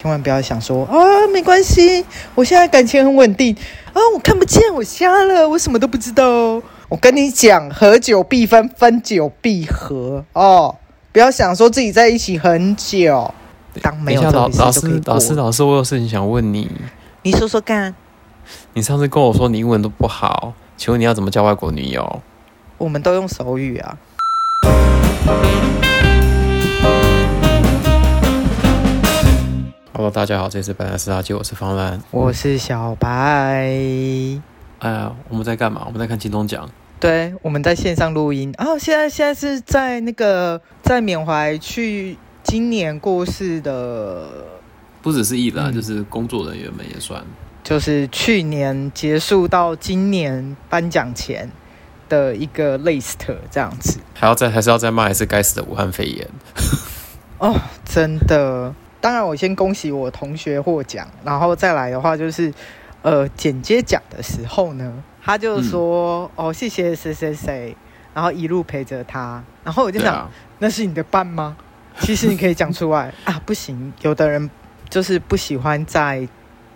千萬不要想說啊、哦，沒關係，我現在感情很穩定啊、哦，我看不見，我瞎了，我什麼都不知道哦。我跟你講，合久必分，分久必合哦。不要想說自己在一起很久。當沒有老師，老師，老師，我有事情想問你。你說說看。你上次跟我說你英文都不好，請問你要怎麼交外國女友？我們都用手語啊。Hello，大家好，這是本來是阿杰，我是方蘭，我是小白。哎呀，我們在幹嘛？我們在看金鐘獎。對，我們在線上錄音。然、哦、後現在現在是在那個在緬懷去今年過世的，不只是藝人，嗯、就是工作人員們也算。就是去年結束到今年頒獎前的一個 list 這樣子。還要再還是要再罵一次該死的武漢肺炎？ 哦，真的。當然，我先恭喜我同學獲獎，然後再來的話就是，呃，剪接獎的時候呢，他就說、嗯、哦，謝謝誰誰誰，然後一路陪着他，然後我就想，啊、那是你的伴嗎？其實你可以講出來 啊，不行，有的人就是不喜歡在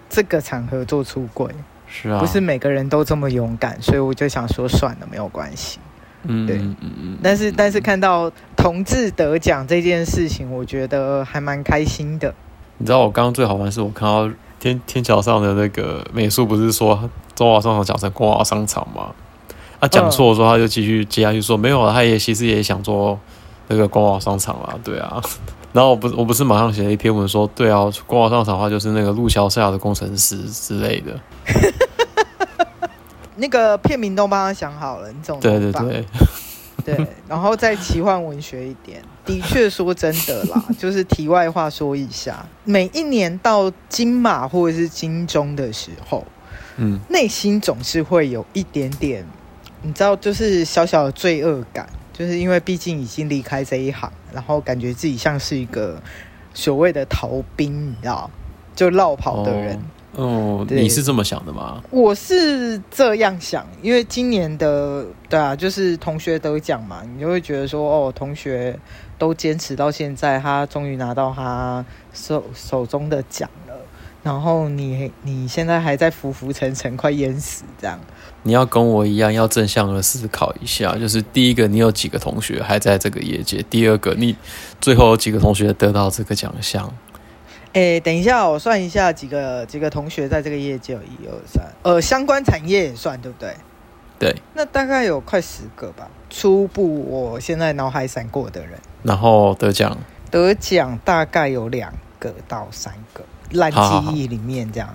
這個場合做出櫃，是啊，不是每個人都這麼勇敢，所以我就想說，算了，沒有關係，嗯，對，嗯嗯，嗯嗯但是但是看到。同志得獎這件事情，我覺得還蠻開心的。你知道我剛剛最好玩是我看到天天橋上的那個美術，不是說中華商場講成光華商場嗎？他講錯的時候，他就繼續接下去說沒有，他也其實也想做那個光華商場啊，對啊。 然後我不是我不是馬上寫了一篇文說，對啊，光華商場的話就是那個陸橋下的工程師之類的。 那個片名都幫他想好了，你懂的。對對對。 對，然後再奇幻文學一點，的確說真的啦， 就是題外話說一下，每一年到金馬或者是金鐘的時候，嗯，內心總是會有一點點，你知道，就是小小的罪惡感，就是因為畢竟已經離開這一行，然後感覺自己像是一個所謂的逃兵，你知道，就落跑的人。哦哦，對你是這麼想的嗎？我是這樣想，因為今年的對啊，就是同學得獎嘛，你就會覺得說，哦，同學都堅持到現在，他終於拿到他手手中的獎了，然後你你現在還在浮浮沉沉，快淹死這樣。你要跟我一樣，要正向的思考一下，就是第一個，你有幾個同學還在這個業界，第二個，你最後有幾個同學得到這個獎項。誒等一下、哦，我算一下幾個幾個同學在這個業界，有一二三，呃，相關產業也算對不對？對。那大概有快十個吧。初步，我現在腦海閃過的人。然後得獎？得獎大概有兩個到三個，爛記憶裡面這樣。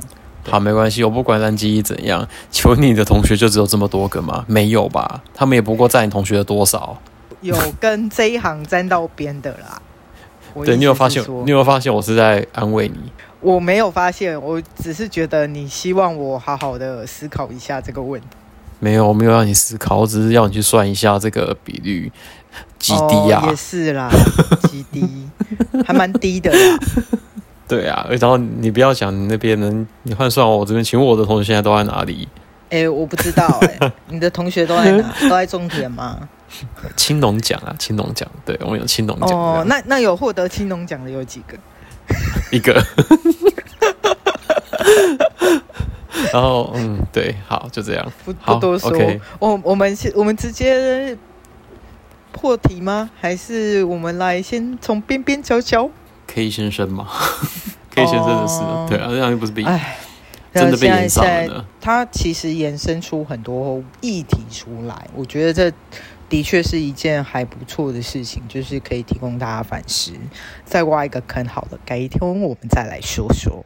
好，沒關係，我不管爛記憶怎樣。求你的同學就只有這麼多個嗎？沒有吧？他們也不過佔你同學的多少？有跟這一行沾到邊的啦。 對，你有發現？你有發現我是在安慰你？我沒有發現，我只是覺得你希望我好好的思考一下這個問題。沒有，我沒有讓你思考，我只是讓你去算一下這個比率極低啊、哦？也是啦，極低， 還蠻低的啦。對啊，然後你不要想你那邊能，你換算我這邊，請問我的同學現在都在哪裡？誒、欸、我不知道哎、欸，你的同學都在哪？ 都在種田嗎？青龍獎啊，青龍獎，對我們有青龍獎哦。那那有獲得青龍獎的有幾個？一個。然後嗯，對，好，就這樣，不不多說。我我們先我們直接破題嗎？還是我們來先從邊邊瞧瞧？K 先生嘛 K 先生的事，oh. 對啊，那又不是被哎，唉真的被延上了，他其實延伸出很多議題出來，我覺得這。的確是一件還不錯的事情，就是可以提供大家反思，再挖一個坑好了，改一天我們再來說說。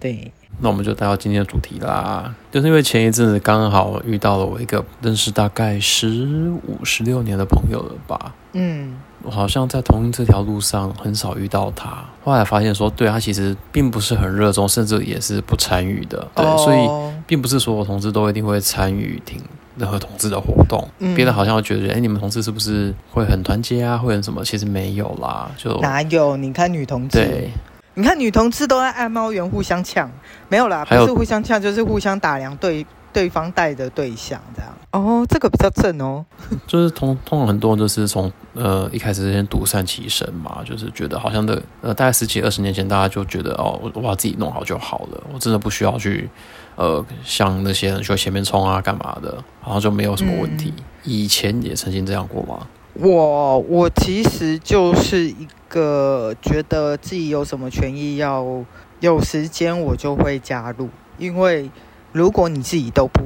對，那我們就帶到今天的主題啦。就是因為前一陣子剛好遇到了我一個認識大概十五十六年的朋友了吧？嗯，我好像在同運這條路上很少遇到他，後來發現說，對他其實並不是很熱衷，甚至也是不參與的。對，哦、所以並不是所有同志都一定會參與挺。任何同志的活動，別、嗯、人好像覺得，哎、欸，你們同志是不是會很團結啊？會很什麼？其實沒有啦，就哪有？你看女同志，對，你看女同志都在愛貓園互相嗆，沒有啦，有不是互相嗆，就是互相打量對對方帶的對象這樣。哦，這個比較正哦。就是通通常很多人都是從呃一開始先獨善其身嘛，就是覺得好像的呃，大概十幾二十年前大家就覺得哦，我把自己弄好就好了，我真的不需要去。呃，像那些人說前面衝啊，幹嘛的，然後就沒有什麼問題。嗯、以前也曾經這樣過嗎？我我其實就是一個覺得自己有什麼權益，要有時間我就會加入，因為如果你自己都不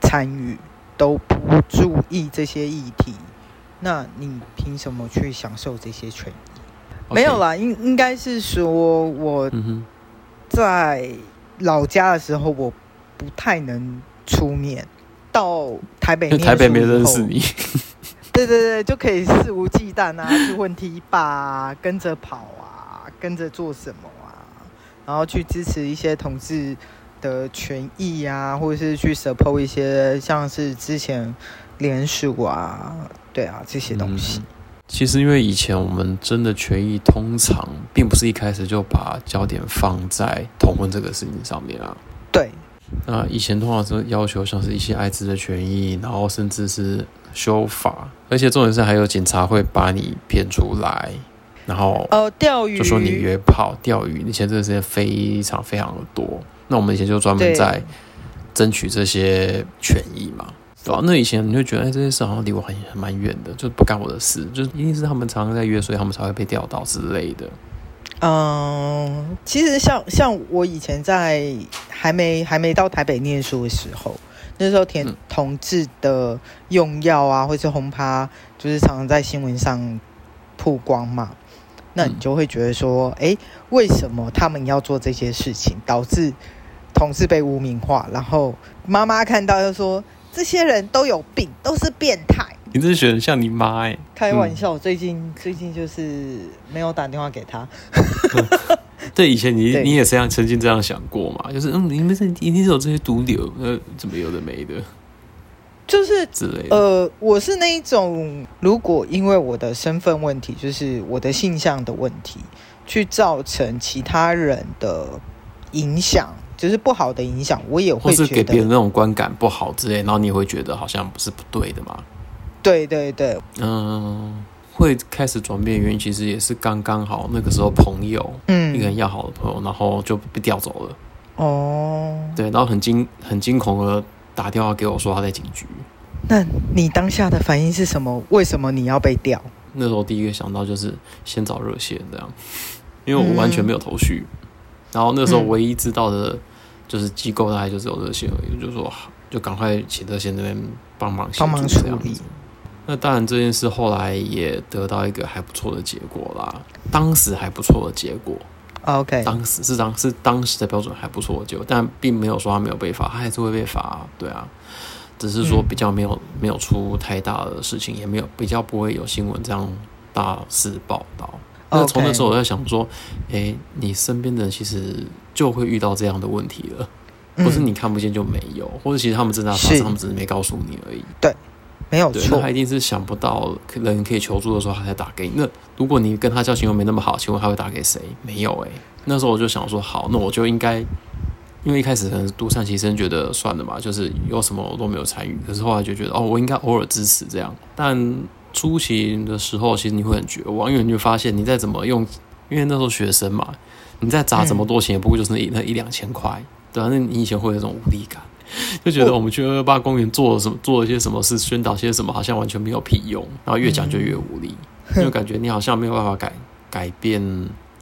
參與，都不注意這些議題，那你憑什麼去享受這些權益？Okay. 沒有啦，應應該是說我在、嗯，在。老家的時候，我不太能出面。到台北，台北沒認識你， 對對對，就可以肆無忌憚啊，去混踢吧啊，跟着跑啊，跟着做什麼啊，然後去支持一些同志的權益啊，或者是去 support 一些像是之前聯署啊，對啊，這些東西。嗯其實，因為以前我們真的權益通常並不是一開始就把焦點放在同婚這個事情上面啊。對。那以前通常是要求像是一些艾滋的權益，然後甚至是修法，而且重點是還有警察會把你騙出來，然後哦，釣魚，就說你約炮、釣魚那些這個時間非常非常的多。那我們以前就專門在爭取這些權益嘛。哦、啊，那以前你就覺得，欸、這些事好像離我很很蠻遠的，就不干我的事，就是一定是他們常常在約，所以他們才會被釣到之類的。嗯，其實像像我以前在還沒還沒到台北念書的時候，那時候填同志的用藥啊，嗯、或是轟趴，就是常常在新聞上曝光嘛，那你就會覺得說，誒、嗯欸，為什麼他們要做這些事情，導致同志被污名化？然後媽媽看到又說。這些人都有病，都是變態。你真是學像你媽哎、欸！開玩笑，嗯、最近最近就是沒有打電話給他。 對，以前你對你也這樣，曾經這樣想過嘛？就是嗯，你們是一定是有這些毒瘤，呃，怎麼有的沒的？就是之類的呃，我是那一種，如果因為我的身份問題，就是我的性向的問題，去造成其他人的影響。只是不好的影響，我也會是給別人那種觀感不好之類，然後你也會覺得好像不是不對的嘛？對對對，嗯，會開始轉變原因其實也是剛剛好那個時候朋友，嗯，一個很要好的朋友，然後就被調走了。哦，對，然後很驚很驚恐的打電話給我說，他在警局。那你當下的反應是什麼？為什麼你要被調？那時候第一個想到就是先找熱線這樣，因為我完全沒有頭緒，嗯、然後那時候唯一知道的、嗯。就是機構大概就只有這些而已，就是、說就趕快請熱線那邊幫忙幫忙處理。那當然這件事後來也得到一個還不錯的結果啦，當時還不錯的結果。啊、OK，當時是當是當時的標準還不錯就，但並沒有說他沒有被罰，他還是會被罰，對啊，只是說比較沒有、嗯、沒有出太大的事情，也沒有比較不會有新聞這樣大肆報道。那從那時候我在想說，誒、欸，你身邊的人其實就會遇到這樣的問題了，不、嗯、是你看不見就沒有，或者其實他們正在發生，他們只是沒告訴你而已。對，沒有對，那他一定是想不到人可以求助的時候，他才打給你。那如果你跟他交情又沒那麼好，請問他會打給誰？沒有誒、欸。那時候我就想說，好，那我就應該，因為一開始可能獨善其身，覺得算了嘛，就是有什麼我都沒有參與。可是後來就覺得，哦，我應該偶爾支持這樣，但。出行的時候，其實你會很絕望。因為你就發現，你再怎麼用，因為那時候學生嘛，你在砸這麼多錢，也不過就是一那一兩千塊。嗯、對啊，那你以前會有這種無力感，就覺得我們去二二八公園做了什麼，做了些什麼事，宣導些什麼，好像完全沒有屁用。然後越講就越無力，嗯、就感覺你好像沒有辦法改改變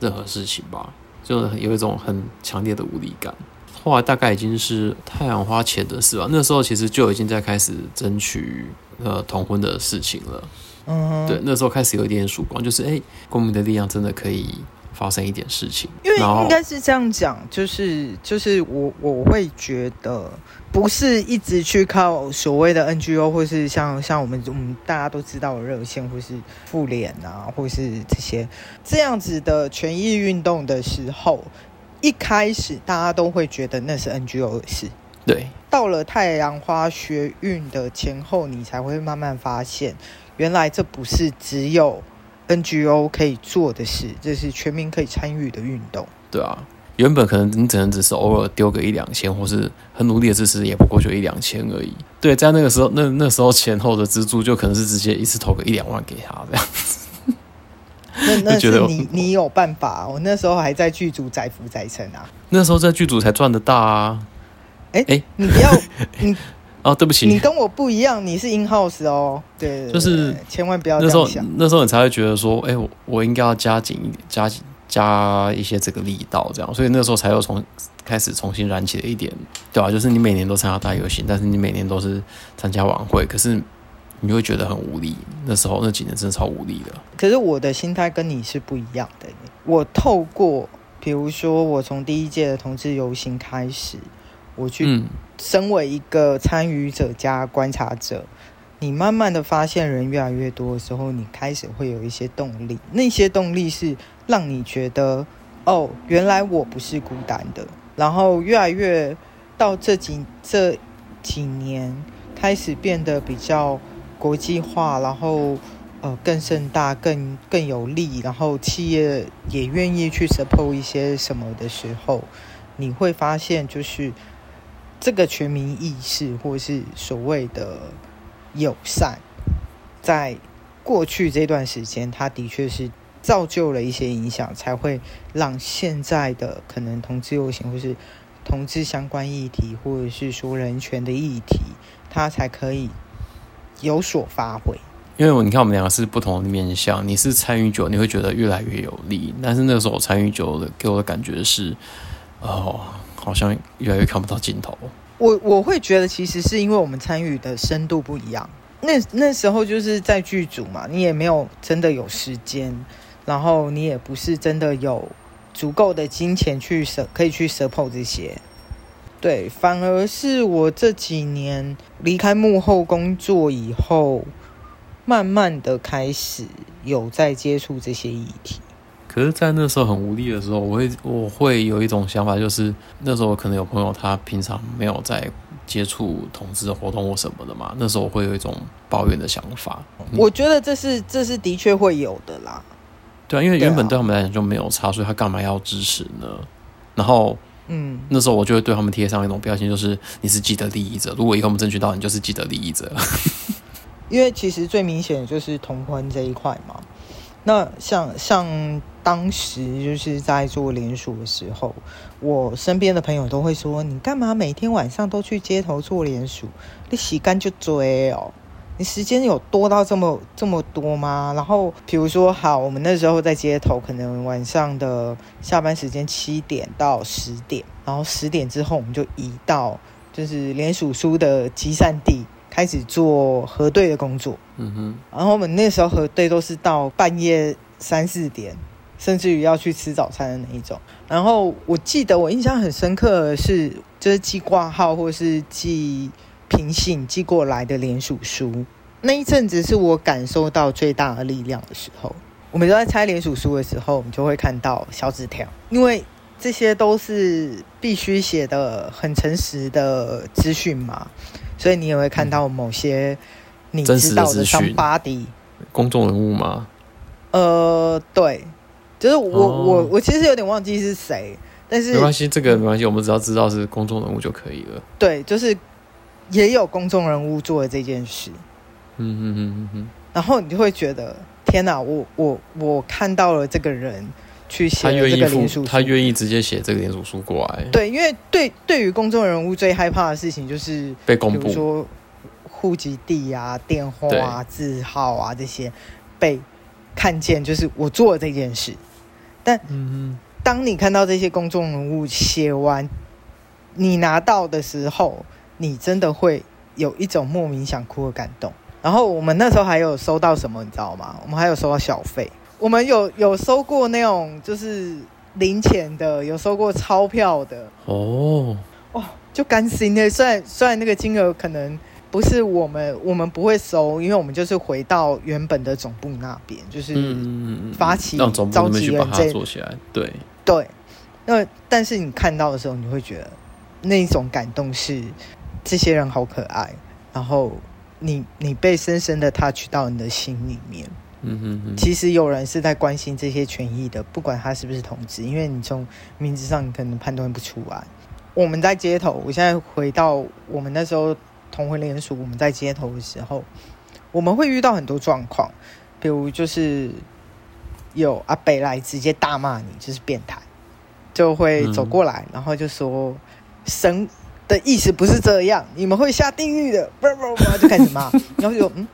任何事情吧，就有一種很強烈的無力感。後來大概已經是太陽花前的事了，那時候其實就已經在開始爭取呃同婚的事情了。嗯哼，對，那時候開始有一點曙光，就是哎、欸，公民的力量真的可以發生一點事情。因為應該是這樣講後、就是，就是就是我我會覺得不是一直去靠所謂的 NGO，或是像像我們我們大家都知道的熱線，或是婦聯啊，或是這些這樣子的權益運動的時候。一開始大家都會覺得那是 NGO 的事，對。到了太陽花學運的前後，你才會慢慢發現，原來這不是只有 NGO 可以做的事，這是全民可以參與的運動。對啊，原本可能你只能只是偶爾丟個一兩千，或是很努力的支持，也不過就一兩千而已。對，在那個時候，那那時候前後的資助就可能是直接一次投個一兩萬給他這樣子。那那是你你有辦法，我那時候還在劇組載浮載沉啊。那時候在劇組才賺得大啊。哎、欸欸、你不要 你啊、哦，對不起，你跟我不一樣，你是 in house 哦。對，對，對，對，對，就是千萬不要那時候，那時候你才會覺得說，哎、欸，我我應該要加緊一點，加加一些這個力道，這樣。所以那時候才有從開始重新燃起了一點，對啊，就是你每年都參加大遊行，但是你每年都是參加晚會，可是。你會覺得很無力，那時候那幾年真的超無力的。可是我的心態跟你是不一樣的。我透過，比如說我從第一屆的同志遊行開始，我去身為一個參與者加觀察者，嗯、你慢慢的發現人越來越多的時候，你開始會有一些動力。那些動力是讓你覺得，哦，原來我不是孤單的。然後越來越到這幾這幾年，開始變得比較。國際化，然後呃更盛大、更更有力，然後企業也願意去 support 一些什麼的時候，你會發現，就是這個全民意識或是所謂的友善，在過去這段時間，它的確是造就了一些影響，才會讓現在的可能同志遊行或是同志相關議題，或者是說人權的議題，它才可以。有所發揮，因為你看我們兩個是不同的面向。你是參與久，你會覺得越來越有利，但是那個時候參與久了，給我的感覺是，哦，好像越來越看不到盡頭。我我會覺得其實是因為我們參與的深度不一樣。那那時候就是在劇組嘛，你也沒有真的有時間，然後你也不是真的有足夠的金錢去舍，可以去 support 這些。對，反而是我這幾年離開幕後工作以後，慢慢的開始有在接觸這些議題。可是，在那時候很無力的時候，我會我會有一種想法，就是那時候可能有朋友他平常沒有在接觸同志的活動或什麼的嘛，那時候我會有一種抱怨的想法。我覺得這是這是的確會有的啦。對啊，因為原本對他們來講就沒有差，啊、所以他幹嘛要支持呢？然後。嗯，那時候我就會對他們貼上一種標籤，就是你是既得利益者。如果以後我們爭取到，你就是既得利益者。 因為其實最明顯就是同婚這一塊嘛。那像像當時就是在做聯署的時候，我身邊的朋友都會說：“你幹嘛每天晚上都去街頭做聯署？你洗乾就追哦。”你時間有多到這麼這麼多嗎？然後比如說，好，我們那時候在街頭，可能晚上的下班時間七點到十點，然後十點之後我們就移到就是連署書的集散地，開始做核對的工作。嗯哼，然後我們那時候核對都是到半夜三四點，甚至於要去吃早餐的那一種。然後我記得我印象很深刻的是，就是寄掛號或是寄。平信寄過來的連署書，那一陣子是我感受到最大的力量的時候。我們都在拆連署書的時候，我們就會看到小紙條，因為這些都是必須寫的很誠實的資訊嘛，所以你也會看到某些你知道的張巴迪公眾人物嗎？呃，對，就是我、哦、我我其實有點忘記是誰，但是沒關係，這個沒關係，我們只要知道是公眾人物就可以了。對，就是。也有公眾人物做了這件事，嗯哼哼哼然後你就會覺得天哪！我我我看到了這個人去寫這個連署，他願意直接寫這個連署書,書過來。對，因為對對於公眾人物最害怕的事情就是被公布，比如說戶籍地啊、電話啊、對字號啊這些被看見，就是我做了這件事。但、嗯、哼當你看到這些公眾人物寫完你拿到的時候。你真的會有一種莫名想哭的感動。然後我們那時候還有收到什麼，你知道嗎？我們還有收到小費，我們有有收過那種就是零錢的，有收過鈔票的。哦，oh. 哦，就甘心耶。雖然雖然那個金額可能不是我們我們不會收，因為我們就是回到原本的總部那邊，就是發起召集人這做起來。對對，那但是你看到的時候，你會覺得那一種感動是。這些人好可愛，然後你你被深深的 touch 到你的心裡面，嗯、哼哼其實有人是在關心這些權益的，不管他是不是同志，因為你從名字上你可能判斷不出來。我們在街頭，我現在回到我們那時候同婚連署，我們在街頭的時候，我們會遇到很多狀況，比如就是有阿北來直接大罵你就是變態，就會走過來，嗯、然後就說神的意思不是這樣，你們會下地獄的。啵啵啵就開始罵， 然後就嗯，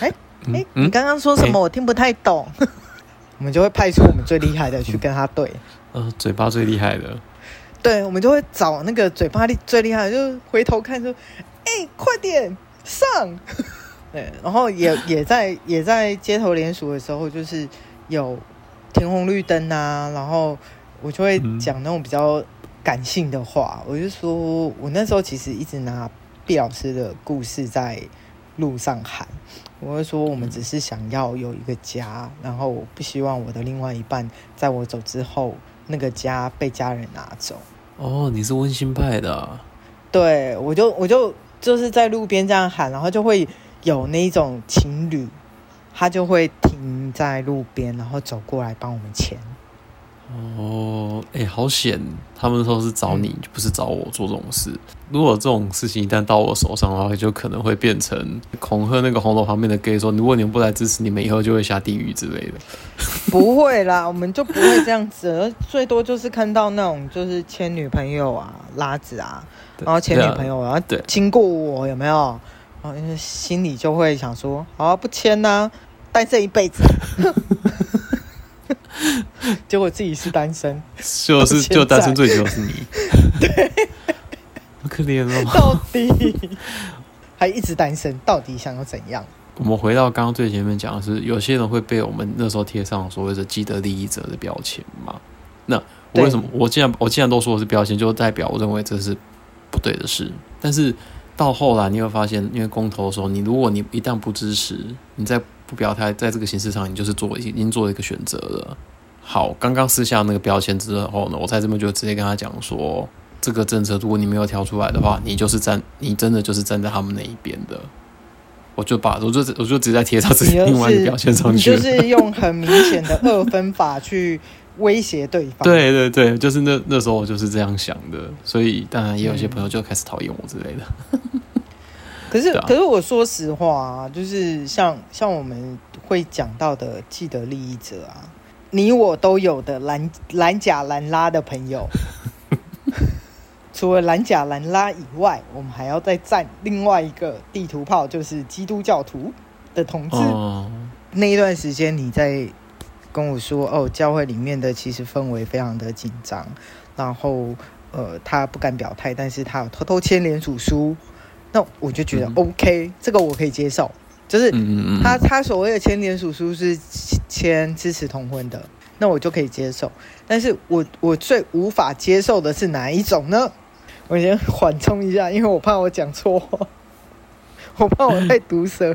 哎、欸、哎、欸，你剛剛說什麼？我聽不太懂。 我們就會派出我們最厲害的去跟他對。呃，嘴巴最厲害的。對，我們就會找那個嘴巴力最厲害的，就回頭看說，哎、欸，快點上。 對，然後也也在也在街頭連署的時候，就是有停紅綠燈啊，然後我就會講那種比較。感性的話，我就說，我那時候其實一直拿畢老師的故事在路上喊。我就說，我們只是想要有一個家，嗯、然後我不希望我的另外一半在我走之後，那個家被家人拿走。哦，你是溫馨派的、啊。對，我就我就就是在路邊這樣喊，然後就會有那一種情侶，他就會停在路邊，然後走過來幫我們簽。哦，哎、oh, 欸，好險！他們說是找你，不是找我做這種事。如果這種事情一旦到我手上的話，就可能會變成恐嚇那個紅樓旁邊的 gay，說如果你們不來支持，你們以後就會下地獄之類的。不會啦，我們就不會這樣子了， 最多就是看到那種就是牽女朋友啊、拉子啊，對然後牽女朋友啊，啊經過我有沒有？然後心裡就會想說：好啊，不牽吶、啊，待這一輩子。 結果自己是單身，就是就單身，最久是你， 對，好可憐哦。 到底還一直單身，到底想要怎樣？我們回到剛剛最前面講的是，有些人會被我們那時候貼上所謂的既得利益者的標籤嘛？那我為什麼對我既然我既然都說我是標籤，就代表我認為這是不對的事。但是到後來，你會發現，因為公投的時候，你如果你一旦不支持，你在，不表態在這個形式上，你就是做已經做了一個選擇了。好，剛剛撕下那個標籤之後呢，我在這邊就直接跟他講說，這個政策如果你沒有挑出來的話，你就是站，你真的就是站在他們那一邊的。我就把，我就我就直接貼到自己另外一個標籤上去，就是用很明顯的二分法去威脅對方。 對對對，就是那那時候我就是這樣想的，所以當然也有些朋友就開始討厭我之類的。可是，啊、可是我說實話啊，就是像像我們會講到的既得利益者啊，你我都有的藍藍甲藍拉的朋友， 除了藍甲藍拉以外，我們還要再站另外一個地圖炮，就是基督教徒的同志。Oh. 那一段時間，你在跟我說哦，教會裡面的其實氛圍非常的緊張，然後呃，他不敢表態，但是他有偷偷簽連署書。那我就覺得 OK，嗯，這個我可以接受。就是他他所謂的簽聯署書是簽支持同婚的，那我就可以接受。但是我我最無法接受的是哪一種呢？我先緩衝一下，因為我怕我講錯話，我怕我被毒舌。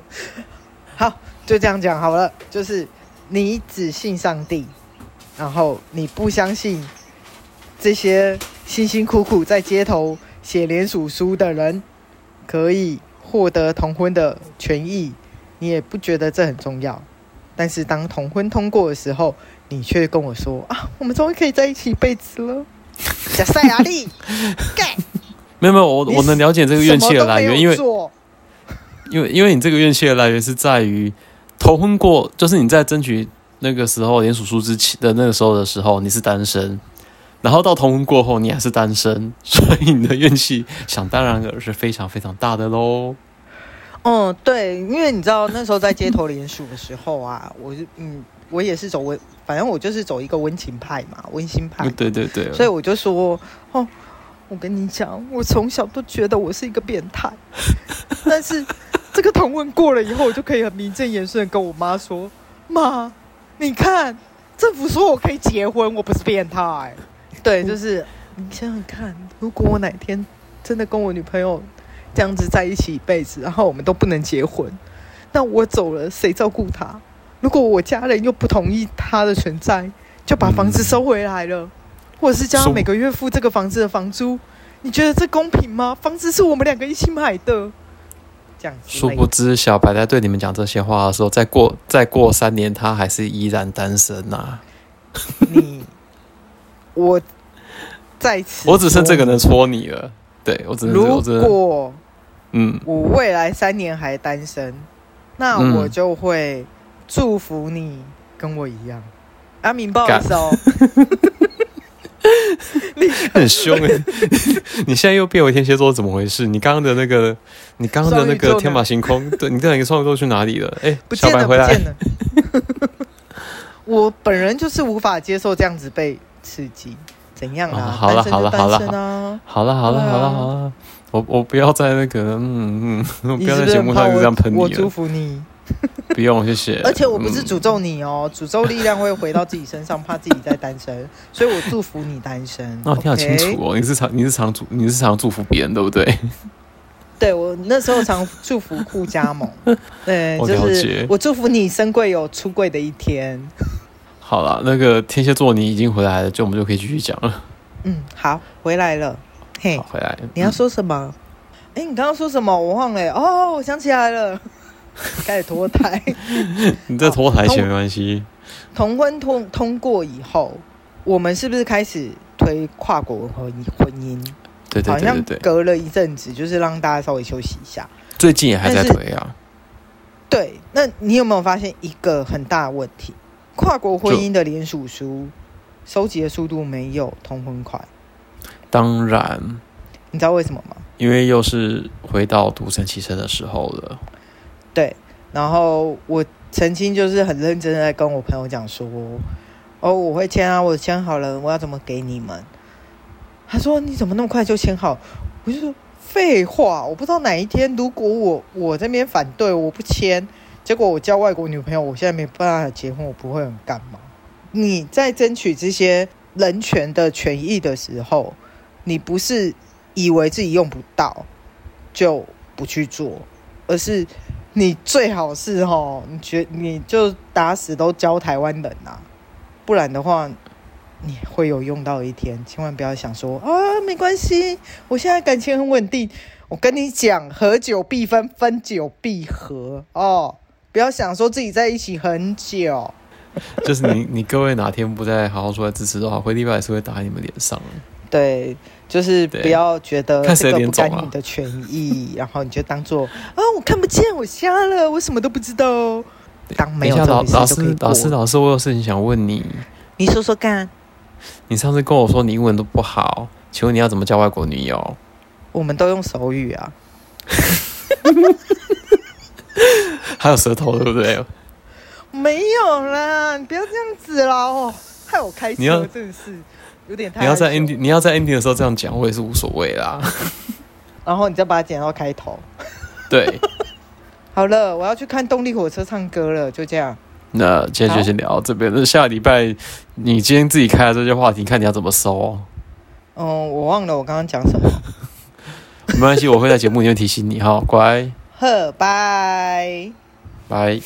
好，就這樣講好了。就是你只信上帝，然後你不相信這些辛辛苦苦在街頭寫聯署書的人。可以獲得同婚的權益，你也不覺得這很重要。但是當同婚通過的時候，你卻跟我說：“啊，我們終於可以在一起一輩子了。”小塞壓力，沒有沒有，我我能了解這個怨氣的來源，因為因為因為你這個怨氣的來源是在於同婚過，就是你在爭取那個時候連署書之起的那個時候的時候，你是單身。然後到同婚過後，你還是單身，所以你的怨氣想當然是非常非常大的嘍。嗯，對，因為你知道那時候在街頭連署的時候啊，我就嗯，我也是走溫，反正我就是走一個溫情派嘛，溫馨派。嗯、對對對，所以我就說哦，我跟你講，我從小都覺得我是一個變態， 但是這個同婚過了以後，我就可以很名正言順地跟我媽說，媽，你看，政府說我可以結婚，我不是變態。對，就是你我想想看，如果我哪天真的跟我女朋友這樣子在一起一輩子，然後我們都不能結婚，那我走了誰照顧她？如果我家人又不同意她的存在，就把房子收回來了，嗯、或者是叫她每個月付這個房子的房租，書 你覺得這公平嗎？房子是我們兩個一起買的，講。殊不知，小白在對你們講這些話的時候，再過再過三年，她還是依然單身吶、啊。你。我在此，我只剩這個能戳你了。對，我只能說，如果，嗯，我未來三年還單身，嗯、那我就會祝福你跟我一樣。嗯、阿明不好意思幹哦， 你很凶哎！ 你現在又變為天蠍座，怎麼回事？你剛剛的那個，你剛剛的那個天馬行空，對你這兩個創作去哪裡了？哎、欸，不見了，小白回來，不見了。 我本人就是無法接受這樣子被。刺激怎樣啊！好了好了好了好了好了好了好了，我我不要再那個嗯嗯，不要在節目上這樣噴你了。我祝福你，不用謝謝。而且我不是詛咒你哦，詛咒力量會回到自己身上，怕自己再單身，所以我祝福你單身。那我聽好清楚哦，你是常你是常祝你是常祝福別人對不對？對，我那時候常祝福護家盟，對，就是我祝福你深櫃有出櫃的一天。好了，那個天蠍座你已經回來了，就我們就可以繼續講了。嗯，好，回來了，嘿，回來了。你要說什麼？哎、嗯欸，你剛剛說什麼？我忘了。哦，我想起來了，開始脫胎。 你在脫胎前沒關係。同婚通通過以後，我們是不是開始推跨國婚婚姻？好對，對對對，好像隔了一陣子，就是讓大家稍微休息一下。最近也還在推啊。對，那你有沒有發現一個很大的問題？跨國婚姻的聯署書，就收集的速度沒有通婚快。當然，你知道為什麼嗎？因為又是回到獨善其身的時候了。對，然後我曾經就是很認真的跟我朋友講說：“哦、oh，我會簽啊，我簽好了，我要怎麼給你們？”他說：“你怎麼那麼快就簽好？”我就說：“廢話，我不知道哪一天如果我我這邊反對，我不簽。”結果我交外國女朋友，我現在沒辦法結婚，我不會很幹嘛。你在爭取這些人權的權益的時候，你不是以為自己用不到就不去做，而是你最好是哈、哦，你覺得你就打死都交台灣人吶、啊，不然的話你會有用到一天。千萬不要想說啊、哦，沒關係，我現在感情很穩定。我跟你講，合久必分，分久必合哦。不要想說自己在一起很久，就是你你，各位哪天不再好好出來支持的話，回力鏢，也是會打在你們臉上的。對，就是不要覺得這個不干你的權益，啊、然後你就當做啊、哦，我看不見，我瞎了，我什麼都不知道。當沒有，等一下，老師老師老師，我有事情想問你。你說說看，你上次跟我說你英文都不好，請問你要怎麼交外國女友？我們都用手語啊。 還有舌頭，對不對？沒有啦，你不要這樣子啦哦、喔，害我開心，要真的是有點太。你要在 ending，你要在 ending 的時候這樣講，我也是無所謂啦。然後你再把它剪到開頭。對。 好了，我要去看動力火車唱歌了，就這樣。那今天就先聊好這邊，那下禮拜你今天自己開的這些話題，看你要怎麼收。嗯，我忘了我剛剛講什麼。 沒關係，我會在節目裡面提醒你哈、 哦，乖。好，拜拜。